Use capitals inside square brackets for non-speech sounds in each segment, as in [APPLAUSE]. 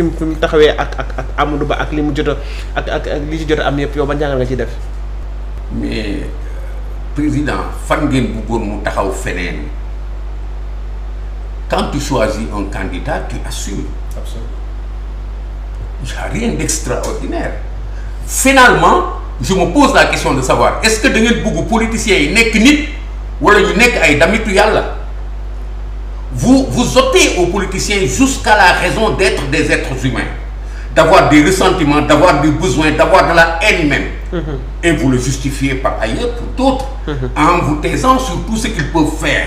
fi mu fi mu taxawee ak ak ak Amadou Ba ak li mu jot ak ak ak li ci jot am yëpp yow ba njàngal nga ci def. mais euh, président fan ngeen bëggoon mu taxaw feneen quand tu choisis un candidat tu assumes. absolument. y a rien d'extraordinaire finalement je me pose la question de savoir est-ce que da ngeen bëgg politiciens yi nekk nit wala ñu nekk ay damitu yàlla. vous vous ôtez aux politiciens jusqu'à la raison d'être des êtres humains d'avoir des ressentiments d'avoir des besoins d'avoir de la haine même mm-hmm. et vous le justifiez par ailleurs pour d'autres mmh. en vous taisant sur tout ce qu'ils peuvent faire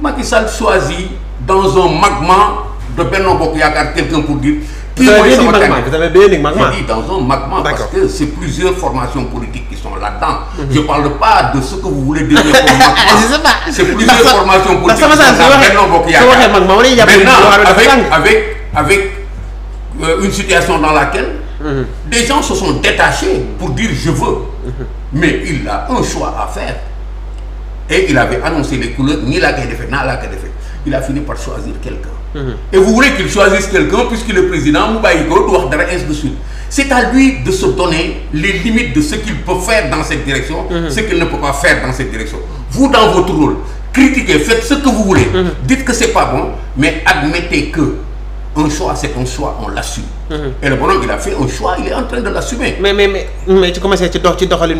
Macky Sall choisit dans un magma de Benno Bokk Yaakaar quelqu'un pour dire kii mooy sama candidat vous avez bien dit Magma j'ai dit dans un Magma parce que c'est plusieurs formations politiques qui sont là mhm. je parle pas de ce que vous voulez devenir comme Magma [LAUGHS] c'est plusieurs formations avec avec euh, une situation dans laquelle mhm. des gens se sont détachés pour dire je veux mhm. mais il a un choix à faire et il avait annoncé les couleurs nii laa koy defee naa il a fini par choisir quelqu'un Mhm. et vous voulez qu'il choisisse quelqu'un puisqu'il est président mu bàyyi ko du wax dara de suite c'est à lui de se donner les limites de ce qu'il peut faire dans cette direction mhm. ce qu'il ne peut pas faire dans cette direction vous dans votre rôle critiquez faites ce que vous voulez mhm. dites que c'est pas bon mais admettez que un choix c'est un choix on l'assume Mm-hmm. et le bonhomme il a fait un choix il est en train de l'assumer. mais mais mais mais ci commencé ci dox ci doxalin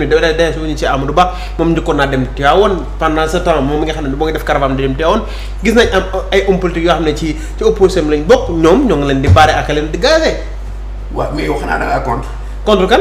suñu ci Amadou Ba moom njëkkoon naa dem Tivaouane pendant ce temps moom mi nga xam ne moo ngi def caravane di dem Tivaouane gis nañ am ay hommes politiques yoo xam ne ci ci opposition lañ bokk ñoom ñoo ngi leen di baare ak leen di gazé. mais yow xanaa da contre. contre kan.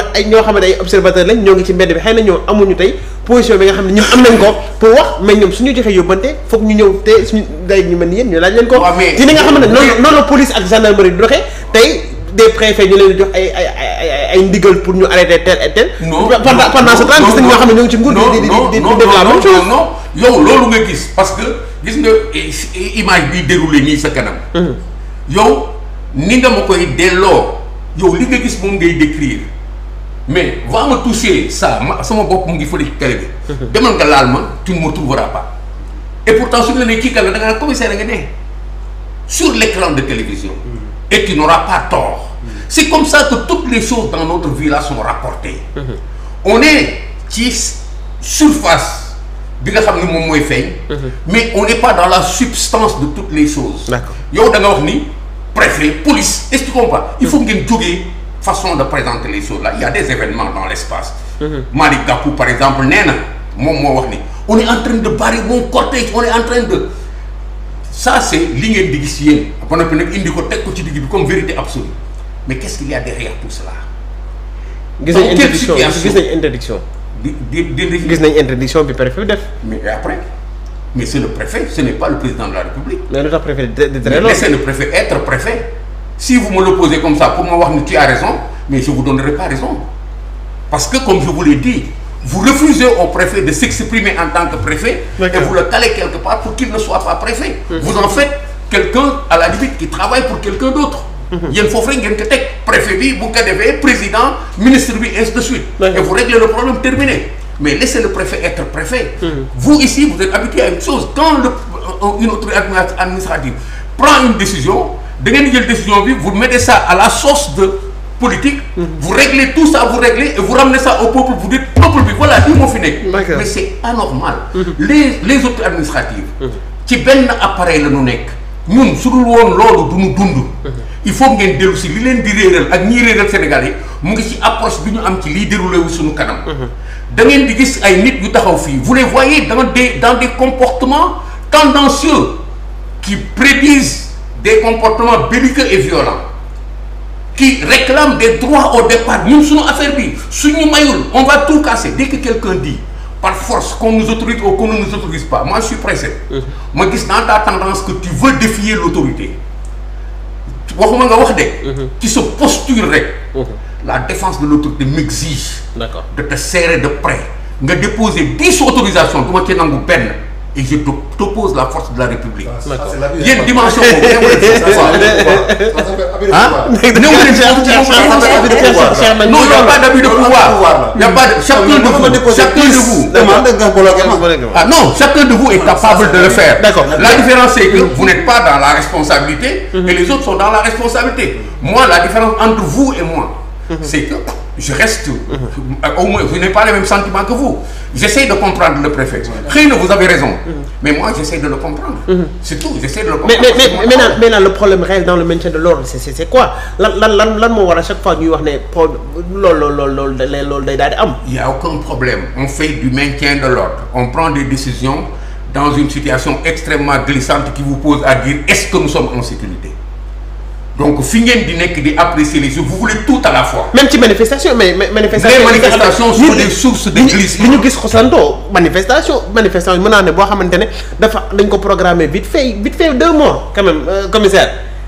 wala ay ñoo xam ne ay observateur lañ ñoo ngi ci mbedd bi xëy na ñoom amuñu tey position bi nga xam ne ñoom am nañ ko pour wax mais ñoom suñu joxee yóbbante foog ñu ñëw te suñu day ñu mel ni yéen ñu laaj leen ko ci li nga xam ne noonu noonu la police ak gendarmerie du doxee tey des préfets ñu leen di jox ay ay ay ay ndigal pour ñu arrêter tel et tel pendant ce temps gis nañ ñoo xam ne ñoo ngi ci nguur di di di def la même chose non yow loolu nga gis parce que gis nga image bi déroulé nii sa kanam mhm. yow ni nga ma koy delloo yow li nga gis moom ngay décrire mais waa me toucher sa ma sama bopp mu ngi fële ci télé bi. [LAUGHS] demal nga laal ma tu ne me trouveras pas. et pourtant su ñu la nee kii kan la da nga naan commissaire nga dee de télévision. Hmm. et tu n'auras pas tort. Hmm. c'est comme ça que toutes les choses dans notre vie là sont rapportées. [LAUGHS] ci surface bi nga xam ni moom mooy feeñ. [LAUGHS] mais on n'est pas la substance de toutes les choses. d'accord yow da nga wax ni préfet police est-ce il faut hmm. ngeen jógee. façon de présenter les choses là il y a des événements dans l'espace mhm. Malick Gakou par exemple neena moom moo wax ni on est en train de barrer mon cortège on est en train de ça c'est li ngeen di gis yéen ba noppi nag indi ko teg ko ci digg bi comme vérité absolue mais qu'est-ce qu'il y a derrière tout cela gis nañ interdiction gis nañ interdiction di di gis nañ interdiction bi préfet def mais après mais c'est le préfet ce n'est pas le président de la république si vous me le posez comme ça pour ma wax ni tu raison mais je vous donnerai pas raison parce que comme je vous l'ai dit vous refusez au préfet de s'exprimer en tant que préfet et vous le calez quelque part pour qu'il ne soit pas préfet vous en faites quelqu'un à la limite qui travaille pour quelqu'un d'autre mhm. président ministre bi ainsi de suite et vous réglez le problème terminé mais laissez le préfet être préfet mhm. vous ici vous êtes habitué à une da ngeen jël décision bi vous mettez ça à la sauce de politique. Mhm. vous réglez tout ça vous réglez et vous ramenez ça au peuple vous dites peuple bi voilà lii moo fi nekk. mais c'est anormal. Mhm. les les autorités administratives. Mhm. ci benn appareil la ñu nekk. mun su dul woon loolu du ñu dund. il faut ngeen dellu si li leen di réeral ak ñiy réeral Sénégal yi mu ngi ci approche bi ñu am ci liy déroulé wu suñu kanam. da ngeen di gis ay nit yu taxaw fii vous les voyez dans des dans des comportements tendancieux qui prédisent. des comportements belliqueux et violents qui réclament des droits au départ ñun suñu affaire bi suñu mayul on va tout casser dès quelqu'un dit par force qu'on nous autorise ou qu'on ne nous autorise pas moi je suis pressé mhm. ma gis naa ta tendance que tu veux défier l'autorité waxuma nga wax de ci mhm. sa posture rek mhm. la défense de l'autorité m'exige d'accord de te serrer de près nga déposer dix autorisations du ma ci nangu et je t'oppose la force de la République. yéen dimension boobu a pas d'abus de pouvoir. non chacun de vous est capable de le faire. la différence c'est que vous n'êtes pas dans la responsabilité. et les autres sont dans la responsabilité. moi la différence entre vous et moi. c'est que je reste. au moins je n'ai pas les mêmes sentiments que vous. j'essaie de comprendre le préfet. xëy na vous avez raison. mais moi j'essaie de le comprendre. c'est tout j'essaie de le comprendre. mais mais mais maintenant le problème réel dans le maintien de l'ordre c'est c'est quoi lan lan lan lan moo war à chaque fois ñuy wax ne pro loolu loolu loolu day loolu day daal di am. il y a aucun problème on fait du maintien de l'ordre on prend des décisions dans une situation extrêmement glissante qui vous pose à dire est-ce que nous sommes en sécurité. donc fi ngeen di nekk di apprécier les vous voulez tout à la fois. même ci manifestation mais manifestation les manifestations sont des sources de li ñu gis xosantoo manifestation manifestation mën naa ne boo xamante ne dafa dañ ko programmer vite fait vite fait deux mois quand euh, commissaire.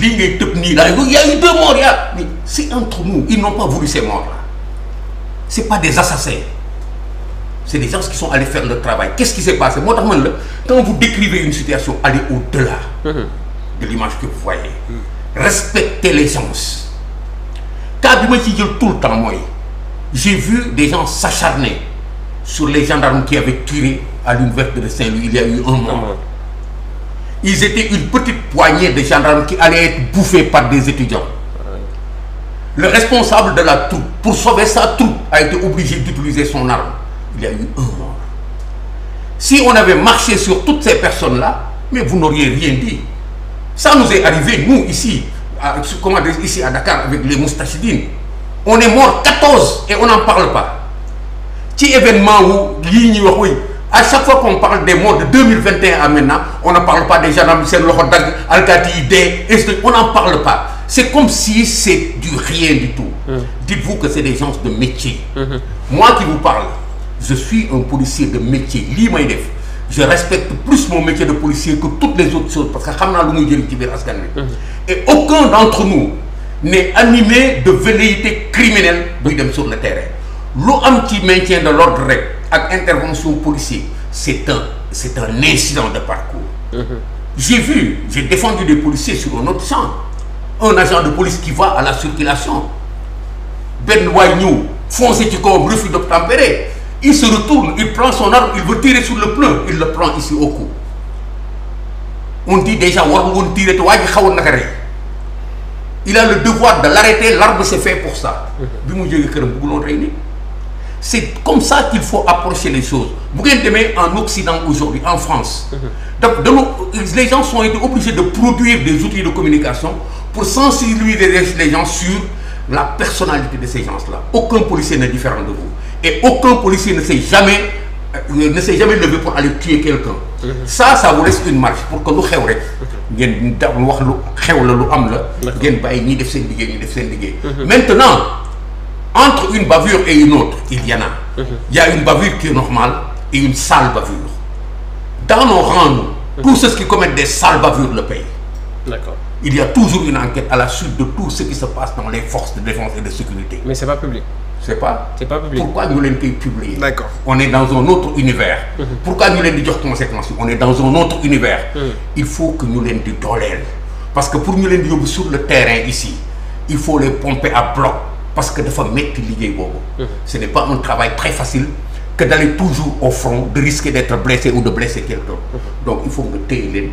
lii ngay tëb nii daal il y a eu deux morts ya mais c'est entre nous ils n'ont pas voulu ces morts là c'est pas des assassins c'est des gens qui sont allés faire leur travail qu'est-ce qui s'est passé moo tax man la quand vous décrivez une situation allez au-delà mm-hmm. de l'image que vous voyez respectez les gens cas bi ma ciy jël tout le temps mooy j'ai vu des gens s'acharner sur les gendarmes qui avaient tiré à l'université de Saint-Louis il y a eu un mort ils étaient une petite poignée de gendarmes qui allaient être bouffés par des étudiants. Le responsable de la troupe, pour sauver sa troupe, a été obligé d'utiliser son arme. Il y a eu un mort. Si on avait marché sur toutes ces personnes-là, mais vous n'auriez rien dit. Ça nous est arrivé, nous, ici, à, comment dire, ici à Dakar, avec les moustachidines. On est mort 14 et on n'en parle pas. Petit événement où, à chaque fois qu'on parle des morts de 2021 à maintenant on ne parle pas des gendarmes seen loxo dagg alkaati yi dee instru on n'en parle pas c'est comme si c'est du rien du tout mmh. dites-vous que c'est des gens de métier moi qui vous parle je suis un policier de métier lii may def je respecte plus mon métier de policier que toutes les autres choses parce que xam naa lu muy jëriñ ci biir askan wi et aucun d'entre nous n'est animé de velléité criminelle buy dem sur le terrain lu am ci maintien de rek ak intervention policier c'est un c'est un incident de parcours mmh. j'ai vu j'ai défendu des policiers sur un autre champ un agent de police qui va à la circulation benn waay ñëw foncé ci kawam refus d'obtempérer il se retourne il prend son arme il veut tirer sur le pneu il le prend ici au cou on dit déjà war woon tirer te waa ji xawoon naka rey il a le devoir de l'arrêter l'arme c'est fait pour ça mm-hmm. bi mu jógee këram bëgguloon rey nit c'est comme ça qu'il faut approcher les choses bu ngeen en Occident aujourd'hui en France mhm. donc dañu les gens sont été obligés de produire des outils de communication pour sensibiliser les gens sur la personnalité de ces gens-là aucun policier n'est différent de vous et aucun policier ne s'est jamais euh, ne pour aller tuer quelqu'un mhm. ça vous laisse une marge pour que lu xew rek mhm. la lu am la ngeen bàyyi ñiy def seen liggéey ñi def seen liggéey maintenant entre une bavure et une autre il y en mhm. a. une bavure qui est normale et une sale bavure dans nos rangs nous. Mhm. tous ceux qui commettent des sales bavures le payent. il y a toujours une enquête à la suite de tout ce qui se passe dans les forces de défense et de sécurité. mais c'est pas public. c'est pas. c'est pourquoi ñu leen koy publier. on est dans un autre univers. Mhm. pourquoi ñu leen di jox conséquences yi on est dans un que ñu leen di dooleel. parce que pour ñu leen di yóbbu le terrain ici il faut les pomper à bloc. parce que dafa metti liggéey boobu ce n'est pas un travail très facile que d'aller toujours au front de risquer d'être blessé ou de blesser quelqu'un donc il faut nga téye leen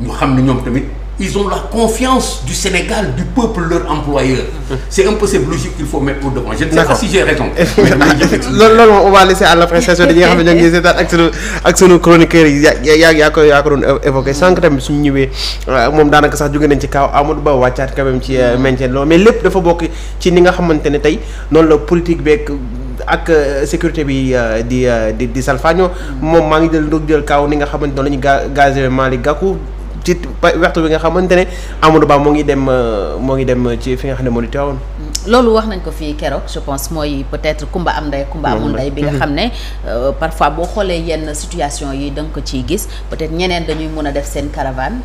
ñu xam ne ñoom tamit ils ont la confiance du Sénégal, du peuple, leur employeur. C'est un peu cette logique qu'il faut mettre au devant. Je ne sais pas si [LAUGHS] [LAUGHS] moom on va laisser à l'appréciation dañuy xam ne ñoo ngi seetaan ak sunu ak sunu chroniqueur sànq tamit suñu ñëwee euh, moom daanaka sax jóge nañ ci kaw Amadou Ba wàccaat quand même ci euh, mm. maintien lépp dafa bokk ci ni nga xamante ne tey noonu la politique beeg ak euh, sécurité bi di di di salfaañoo mm. moom maa ngi jël ndoog jël kaaw ni nga xamante noonu la ñu ga gazé Malick Gakou ci waxtu bi nga xamante ne Amadou Ba moo ngi dem euh, moo ngi dem euh, ci fi nga xam ne moo di teewoon loolu wax nañ ko fii keroog je pense mooy peut-être kumba am ndey kumba amul ndey bi nga mhm. xam ne euh, parfois boo xoolee yenn situation yi da nga ko ciy gis peut-être ñeneen dañuy mun a def seen caravane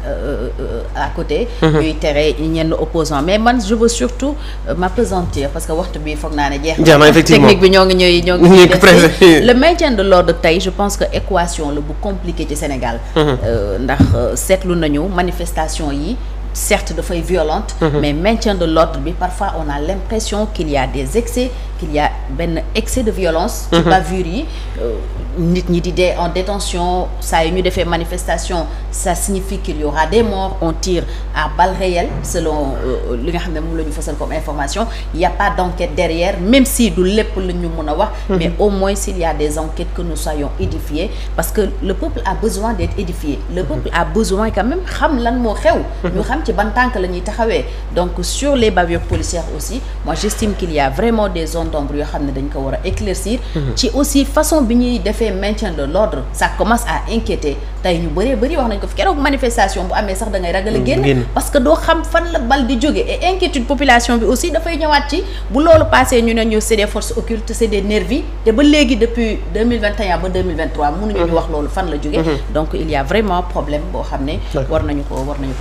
à côté mhm. ñuy tere ñenn opposant mais man je veux surtout m'appesantir parce que waxtu bi foog naa ne jeex na technique bi ñoo ngi ñuy ñoo ngi ñuy le maintien de l'ordre tey je pense que équation la bu compliqué ci Sénégal mhm. ndax seetlu nañ nañu manifestation yi certes dafay violente mm -hmm. mais maintien de l'ordre bi parfois on a l'impression qu'il y a des excès qu'il y a benn excès de violence ci mhm. bavure yi euh, nit ñi di dee en détention saa yu ñu defee manifestation sa signifie qu'il y des morts on tire à balles réelles selon euh, li nga xam ne moom la ñu fasal comme information il y a pas d'enquête derrière même si du lépp la ñu mën a wax mhm. mais au moins s'il y des enquêtes que nous soyons édifiés parce que le peuple a besoin d'être édifié le peuple mhm. a besoin quand même xam lan moo xew ñu xam ci ban tànk la ñuy taxawee donc sur les bavures policières aussi moi j'estime qu'il vraiment des zones d'ombre yoo xam ne dañ ko war a éclaircir mhm. ci aussi façon bi ñuy defee maintien de l'ordre ça commence à inquiéter tey ñu bëree bëri wax nañ ko fi keroog manifestation bu amee sax da ngay ragal a mm, génn parce que doo xam fan la bal di jóge et population bi aussi dafay ñëwaat ci bu loolu passé ñu ne ñu c'est des forces occultes c'est des nervis te ba léegi depuis ba 2023 ñu mhm. wax loolu fan la jóge mhm. donc il y a vraiment problème boo xam ne war nañu ko war nañu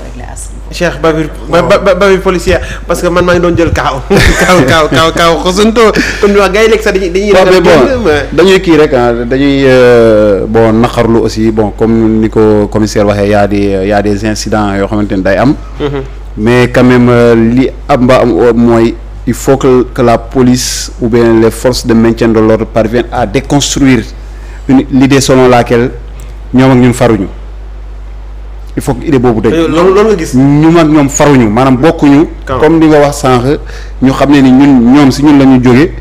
que man maa doon [LAUGHS] comme wax gars yi léegi sax dañuy dañuy. kii rek ah dañuy euh, bon naqarlu aussi bon comme ni ko commissaire waxee y a des euh, y a des incidents yoo xamante ni day am. Mhm. mais quand euh, li am mbaam am mooy il faut que que la police ou bien les force de maintien de l'ordre parviennent à déconstruire une l'idée selon laquelle ñoom ak ñun faruñu. il faut que idée boobu dañ. loolu loolu gis. ñu mag ñoom faruñu maanaam bokkuñu. comme li nga wax sànq ñu xam ne ni ñun ñoom si ñun la ñu jógee.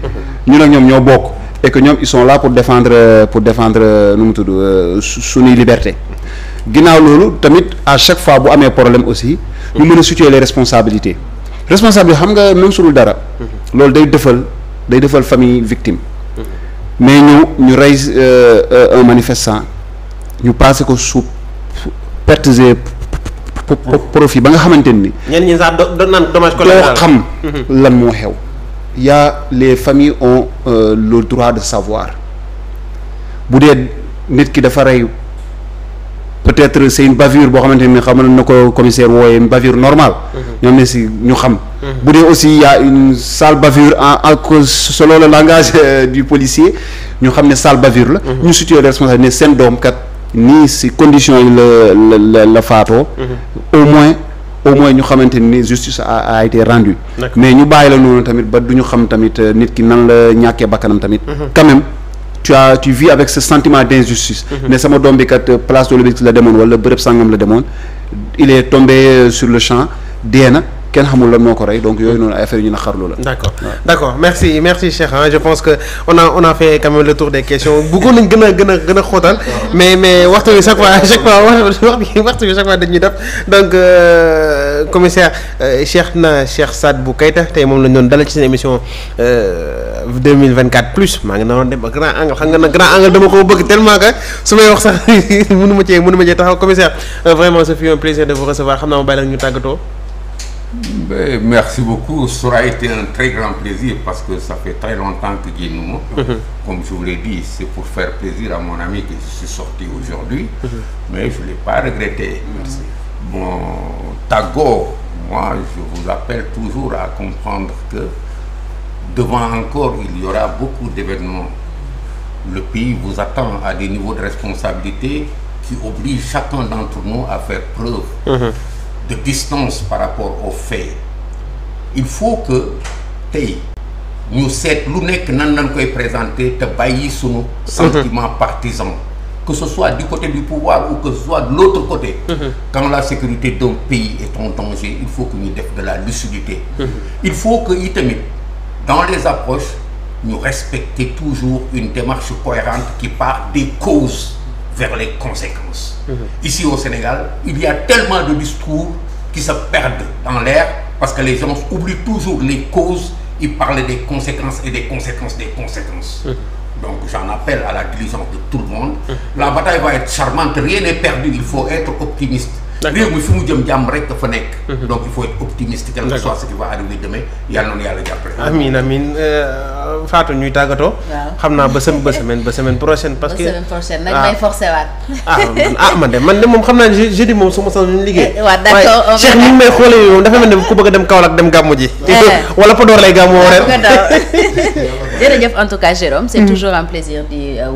Mhm. ñun ak ñoom ñoo bokk. et ñoom ils sont là pour défendre pour défendre nu mu tudd euh, suñuy liberté. ginnaaw loolu tamit à chaque fois bu amee problème aussi. ñu mën a situer les responsabilités. responsable xam nga même su dara. Mhm. loolu day defal day defal famille victime. Mhm. mais ñu ñu rey euh, euh, un manifestant ñu passé ko sous. pertes et profits ba nga xamante ni. ñenn ñi sax doon naan dommage collatéral doo xam mhm. lan moo xew. yaa les familles ont euh, le droit de savoir bu dee nit ki dafa rey peut-être c'est une bavure boo xamante ni xamal na ko commissaire wooye bavure normale. Mhm. ñoom ne si ñu xam. Mhm. bu dee aussi y a une sale bavure en en solo la le langage euh, du policier ñu xam ne sale bavure la. ñu situé responsable ne seen doom kat. nii si condition yi la la la faatoo. Mhm. au moins au moins ñu xamante ni justice a a été rendue. mais ñu bàyyi la noonu tamit ba du ñu xam tamit euh, nit ki nan la ñàkkee bakkanam tamit. Mhm. quand même tu as tu vis avec ce sentiment d'injustice. ne mhm. sama doom bi kat euh, place de l'Obélisque la demoon wala bërëb sangam la demoon il est tombé euh, sur le champ dee na. kenn xamul la moo ko rey donc yooyu noonu ay affaire yu ñu naqarlu la. d' accord d' accord merci merci Cheikh ah je pense que on a on a fait quand même le tour des questions bëggoon nañ gën a gën a gën a xóotal. mais mais waxtu chaque fois chaque fois dañuy def donc euh, commissaire euh, Cheikh na Cheikh Sadibou Keita tey moom la ñu doon dalal ci seen émission 2024 euh, plus maa ngi doon dem ba grand angle xam nga nag grand angle dama ko bëgg tellement que su may wax sax [LAUGHS] mënu ma cee mënu ma cee taxaw commissaire vraiment ñu tàggatoo. Ben, merci beaucoup. Ça aura été un très grand plaisir parce que ça fait très longtemps que Dieu nous montre. Mm -hmm. Comme je vous l'ai dit, c'est pour faire plaisir à mon ami que je suis sorti aujourd'hui. Mm -hmm. Mais je ne l'ai pas regretté. Merci. Bon, Tago, moi, je vous appelle toujours à comprendre que devant encore, il y aura beaucoup d'événements. Le pays vous attend à des niveaux de responsabilité qui obligent chacun d'entre nous à faire preuve. Mm -hmm de distance par rapport aux faits il faut que tey ñu seet lu nekk nan lañ koy présenter te bàyyi sunu mhm. sentiment partisan que ce soit du côté du pouvoir ou que ce soit de l'autre côté mhm. quand la sécurité d'un pays est en danger il faut que ñu def de la lucidité mhm. il faut que itamit dans les approches ñu respecter toujours une démarche cohérente qui part des causes vers les conséquences. Mmh. Ici au Sénégal, il y a tellement de discours qui se perdent dans l'air parce que les gens oublient toujours les causes, ils parlent des conséquences et des conséquences des conséquences. Mhm. Donc j'en appelle à la diligence de tout le monde. Mhm. La bataille va être charmante, rien n'est perdu, il faut être optimiste. réew mi fi mu jëm dafa nekk. Mhm. donc il faut être optimiste. quel que soit ce qui va arriver demain yal na nu yàlla jàppale. amiin amiin euh, Fatou ñuy tàggatoo. xam naa ba sem ba semaine ba semaine prochaine. parce que ba semaine nag ah. may forcé waat. ah man ah man de moom xam naa ne jeudi moom su ma soxla ñu liggéey. Eh, waaw d'accord waaye Cheikh mi ngi may xoolee moom dafa mel ne ku bëgg a dem Kaolack dem gàmmu ji. Eh. wala Podor lay gàmmu woo ren. [LAUGHS] jërëjëf en tout cas Jérôme. c'est mm. toujours un plaisir di euh,